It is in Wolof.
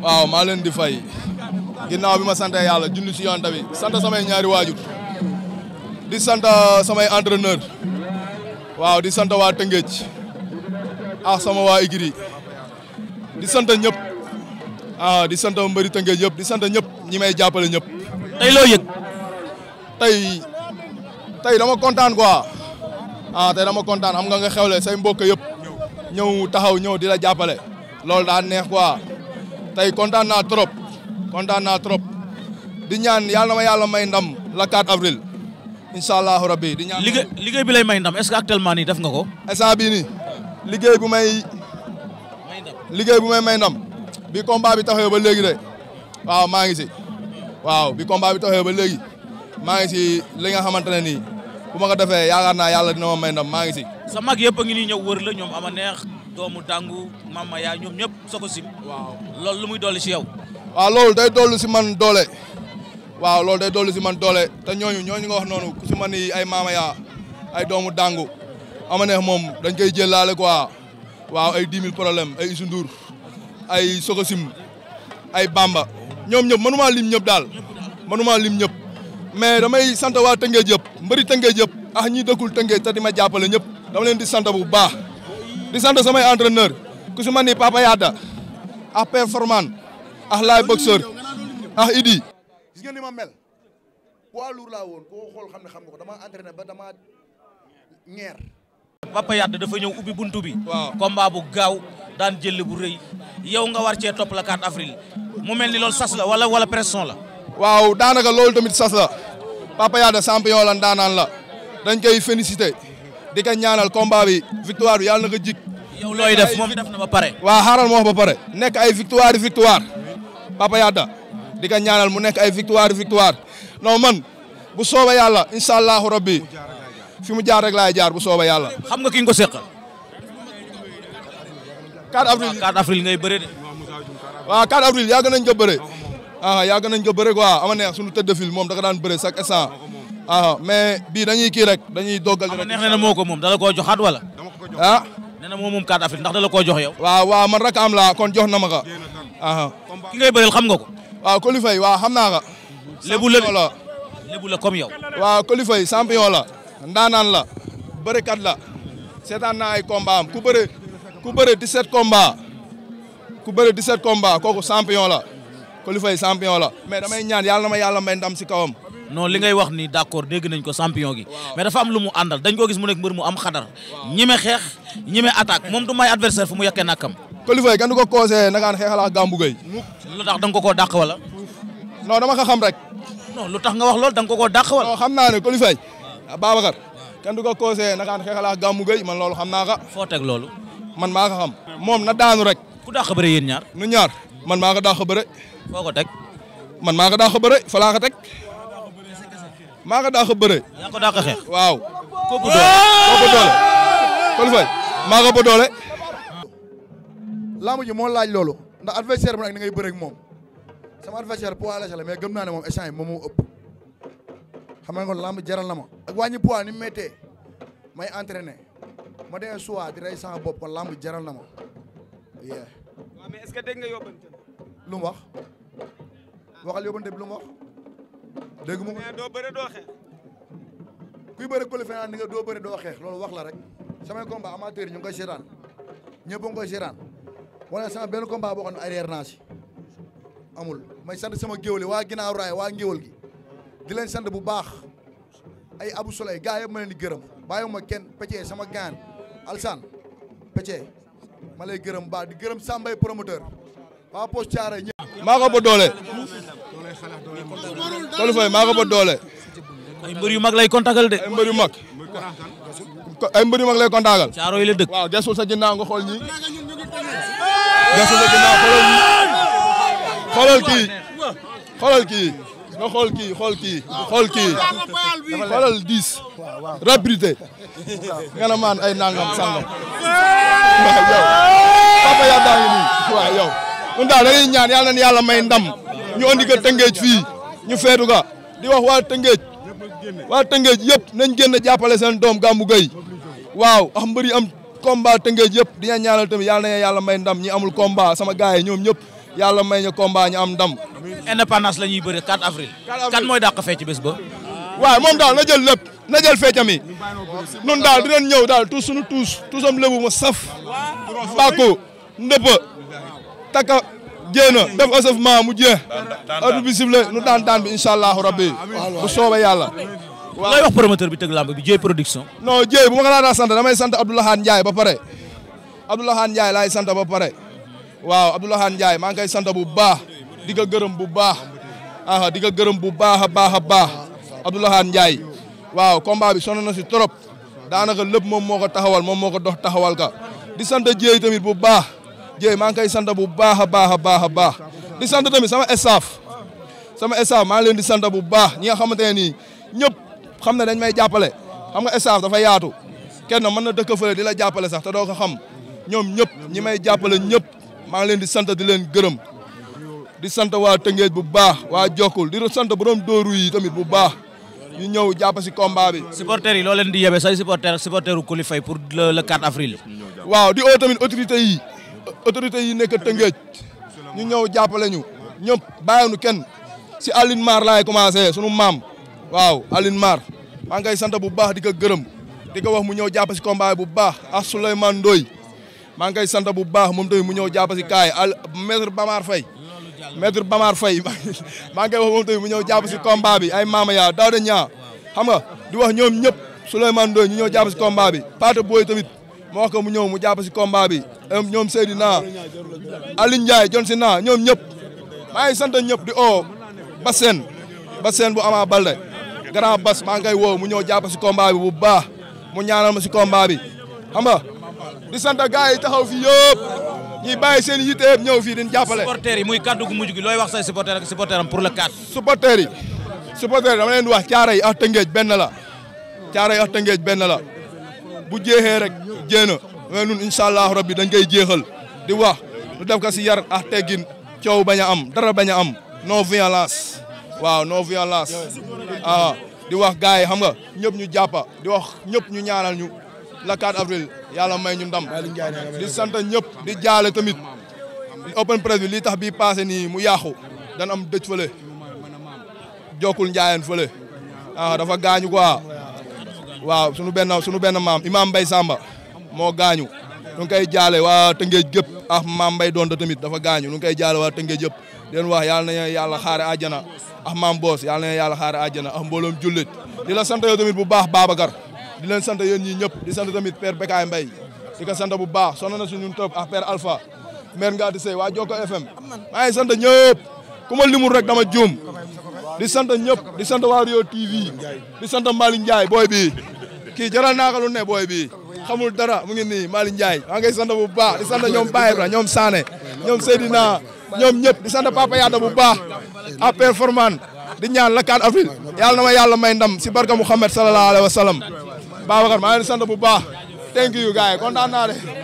waaw maa leen di fay ginnaaw bi ma sant yàlla julli si bi sant samay ñaari waajur di santa samay entraîneur waaw di santa waa Tëngéej a sama waa Igri di sant ñëpp ah di sant mbëri Tëngéej yëpp di sant ñëpp ñi may jàppale ñëpp. tey loo yëg. tey tey dama kontaan quoi ah tey dama kontaan xam nga nga xewle say mbokk yëpp ñëw taxaw ñëw di la jàppale loolu daa neex quoi. tey kontaan naa trop kontaan naa trop di ñaan yàlla na ma yàlla may ndam la 4 avril incha allahu rabbi di ñaan liggéey liggéey bi lay may ndam est ce que actuellement nii def nga ko. instant bii nii liggéey bu may. may ndam liggéey bu may may ndam bi combat bi taxawee ba léegi de waaw maa ngi si waaw bi combat bi taxawee ba léegi maa ngi si li nga xamante ne nii bu ma ko defee yaakaar na yàlla dina may ndam maa ngi si. sa mag yëpp a ngi nii ñëw wër la ñoom ama neex. doomu dàngu mama yaa ñoom ñëpp soko sim waaw loolu lu muy dolli si yow waaw day dolli si man doole waaw lool day dolli si man doole te ñooñu ñooñu nga wax noonu ku si ay maama yaa ay doomu dàngu ama neex moom dañ koy jëlaale quoi waaw ay 10 000 ay Youssou ay sokosim ay Bamba ñoom ñëpp mënumaa lim ñëpp daal mënumaa lim ñëpp mais damay sant waa Tëngéej yëpp mbëri Tëngéej yëpp ah ñi dëkkul Tëngéej te di ma jàppale ñëpp dama leen di sant bu baax di sant samay entraîneur ku si man ni Papa Yada ak Performance ak Laay Boxeur ak Idi. gis ngeen ni ma mel poids lourd laa woon koo xool xam ne xam nga ko dama entraîné ba damaa ñeer. Papa Yada dafa ñëw ubbi bunt bi. waaw combat bu gaaw daan jël bu rëy yow nga war cee topp la 4 avril mu mel ni loolu sas la wala wala pression la. waaw daanaka lool tamit sas la Papa Yada champion la ndaanaan la dañ koy félicité. di ko ñaanal combat bi victoire bi yàlla na ko jik yow looy def moom def na ba pare. waa xaaral moo wax ba pare. nekk ay victoire victoire Papa Yada di ko ñaanal mu nekk ay victoire victoire non man bu sooba yàlla incha allahu rabbi fi mu jaar rek laay jaar bu sooba yàlla. xam nga ki ko seqal. 4 avril 4 avril ngay bëre de. waaw 4 avril yàgg nañ ko bëre. ah nañ ko bëre ama neex sunu tëdd fil moom da ka daan bëre chaque instant. waaw ah, mais bii dañuy kii rek dañuy doggal rek. neex na moo ko moom dala koo joxaat wala. ah. nee moo moom carte d'Afrique ndax dala koo jox yaw waa waa man rek am laa kon jox na ma ko. ki ngay bëreel xam nga ko. waaw waa xam naa ko. la lébu la comme yow. waaw Coly Faye la. ndaanaan la. bërekat la. seetaan naa ay combat am ku bëre ku bëre 17 combat ku bëre 17 combat kooku champion la Coly Faye champion la mais damay ñaan yàlla na ma yàlla may ndam si kawam. non li ngay wax ni d'accord dégg ko champion gi mais dafa am lu mu àndal dañ ko gis mu nekk mbër mu am xadar ñime xeex ñime attaque moom du may adversaire fu mu yekkee nàkkam Coly Faye du ko conseillé nagaan xeexalaa Gambu Gueye da nga ko koo dàq lu tax nga wax loolu da nga koo dàq wala non xam ne Coly Faye Babacar kan du ko conseillé nagaan xeexalaa Gambu Gueye man loolu xam naa ko foo teg loolu man maa ko xam moom na daanu rek ku dàq bëre yéen ñaar nu ñaar man maa ko dàq bëre foo ko teg man maa ko dàq bëre fa laa ko teg maa nga daax ko daax a xeex. waaw. kooku doole kooku maa nga ba doole. laamu ji laaj loolu ndax adversaire bi nag ni ngay bëre ak moom sama adversaire poids la mais gëm naa ne moom échange moom moo ëpp xam nga kon lamb jaral na ma ak wàññi poids ni mu méttee may entraîner ma demee soit di rey sama bopp kon lamb jaral na ma. waaw mais est-ce que dégg nga dégg mu mais doo bëre doo xeex. kuy bëre Coly ni nga doo bëre doo xeex loolu wax la rek samay combat amateur ñu ngi koy seetaan ñëpp a ngi koy seetaan sama benn combat boo xam ne arrière amul may sant sama géwél waa ginnaaw raay waa ngéwél gi di leen sant bu baax ay abu Soleil gars yëpp ma leen di gërëm ma kenn Pétier sama gaan Alsane Pétier ma lay gërëm baax di gërëm Sambay promoteur waa Poste Thiaroye ñëpp maa ko ba doole Coly Faye maa ko ba doole. ay mbër yu mag lay kontakal de. ay mbër yu mag. ay mbër yu mag lay kontakal. caaro yi la dëkk. waaw gesul sa ginnaaw nga xool ñi gesul sa ginnaaw xoolal ñi xoolal kii xoolal kii nga xool kii xool kii xool kii xoolal diis rapidité nga ne maan ay nangam sangam waaw yow papa yaa daa ngi nii waaw yow. ñun daal dañuy ñaan yàlla na yàlla may ndam. ñu andi ko Tëngéej fii ñu feetu ka di wax waa Tëngéej waa Tëngéej yëpp nañ génn jàppale seen doom Gamou Gueye waaw ax ah, mbëri am combat Tëngéej yëpp dina ñaanal tamit yàlla na yàlla may ndam ñi amul combat sama gars yi ñoom ñëpp yàlla may ñu combat ñu am ndam. indépendance la ñuy bëri 4 avril. 4 avril kan mooy dàq fee ci bés ba. waaw moom daal na jël lépp na jël feccam yi nun daal dinañ ñëw daal tuus suñu tuus tuusam lébu ma saf bako ndëppa taka jéem a def asafuma mu jeex. daan bi sifflé nu daan daan bi incha allahu rabbi bu soobee yàlla. waaw lay wax promoteur bi tëgg làmb bi Dieye production. no Dieye bu ma ko daan sant damay sant Abdoulahan Ndiaye ba pare. Abdoulahan Ndiaye laay sant ba pare. waaw Abdoulahan Ndiaye maa ngi koy sant bu baax di ko gërëm bu baax. di ko gërëm bu baax a baax a baax Abdoulahan Ndiaye. waaw combat bi sonn na si trop daanaka lépp moom moo ko taxawal moom moo ko dox taxawal ka di sant Dieye tamit bu baax. Dieye maa ngi koy sant bu baax a baax a baax a baax di sant tamit sama staff sama staff maa ngi leen di santa bu baax ñi nga xamante ne nii ñëpp xam na dañ may jàppale xam nga staff dafa yaatu kenn mën na dëkk fële di la jàppale sax te doo ko xam ñoom ñëpp ñi may jàppale ñëpp maa ngi leen di sant di leen gërëm di sant waa Tëngéej bu baax waa Jokkul di sant borom dóoru yi tamit bu baax ñu ñëw jàpp si combat bi. supporters yi loo leen di yebe say supporters supporteru Coly Faye pour le autorité yi nekk Tëngéej ñu ñëw jàppale ñu ñëpp bàyyiwuñu kenn si Aline Mar laay commencé sunu maam waaw Aline Mar maa ngi koy sant bu baax di ko gërëm di ko wax mu ñëw jàpp si combat bu baax ak Souleymane Ndoye maa ngi koy sant bu baax moom tamit mu ñëw jàpp si kaay al maître Bamar Faye maître Bamar Faye maa ngi koy wax moom tamit mu ñëw jàpp si combat bi ay maama yaa daaw de ñaa xam nga di wax ñoom ñëpp Souleymane Ndoye ñu ñëw jàpp si combat bi Pate tamit. moo wax ko mu ñëw mu jàpp si combat bi ñoom Seydina Alioune Ndiaye John Sina ñoom ñëpp maa ngi sant ñëpp di oo Bassène Bassène bu Ama Baldé grand Bass maa ngi koy woo mu ñëw jàpp si combat bu baax mu ñaanal ma si combat bi xam nga di sant gars yi taxaw fii yëpp ñuy bàyyi seen yitte yëpp ñëw fii di jàppale. supporters yi muy kaddu gu mujj gi looy wax say supporters ak supporters am pour le cadre. supporters yi supporters yi dama leen di wax caare yi ak tëngeej benn la caare yi ak tëngeej benn la. bu jeexee rek jéena mais nun incha allahu rabbi dañ koy jéexal di wax lu def ko si yar ak teggin coow bañ am dara bañ a am non violence waaw non violence ah di wax gars yi xam nga ñëpp ñu jàppa di wax ñëpp ñu ñaanal ñu la 4 avril may ñu ndam di sant ñëpp di jaale tamit open press bi lii tax bi passé nii mu yàqu dan am dëj fële jokkul njaayeen fële ah dafa gaañu quoi waaw sunu benn sunu benn maam imaam Mbaye Samba moo gaañu ñu ngi koy jaale waa Tëngéej gépp ak ah, maam Mbaye doon tamit dafa gaañu ñu ngi koy jaale waa Tëngéej yëpp di leen wax yàlla na yàlla xaare àjjana ak ah, maam Boos yàlla na yàlla xaare àjjana ak ah, mbooloom jullit di la sant yow tamit bu baax Babacar di leen sant yéen ñii ñëpp di sant tamit père Bekaay Mbaye di ko sant bu baax sonn na si ñun topp ak père Alpha maire Ngadi Seye waa Jokko FM maa ngi sant ñëpp ku ma limul rek dama juum di sant ñëpp di sant waa Rio TV di sant Mali Ndiaye booy bii kii jaral naa ko lu ne booy bii xamul dara mu ngi nii Mali Ndiaye maa ngay sant bu baax di sant ñoom Baye Ibra ñoom Sané ñoom Seydina ñoom ñëpp di sant Papa Yada bu baax à performance di ñaan la 4 avril yàlla na ma yàlla may ndam si barka Muhammad sallallahu alayhi wa sallam Babacar maa ngi sant bu baax thank you gars yi kontaan naa